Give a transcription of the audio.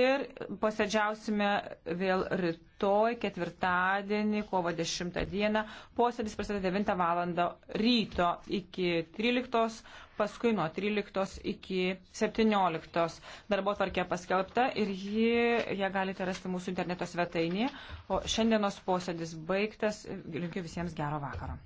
ir posėdžiausime vėl rytoj, ketvirtadienį, kovo 10 dieną. Posėdis prasideda 9 val. ryto iki 13, paskui nuo 13 iki 17. Darbo tvarkė paskelbta ir jį, ją galite rasti mūsų interneto svetainėje. O šiandienos posėdis baigtas. Linkiu visiems gero vakaro.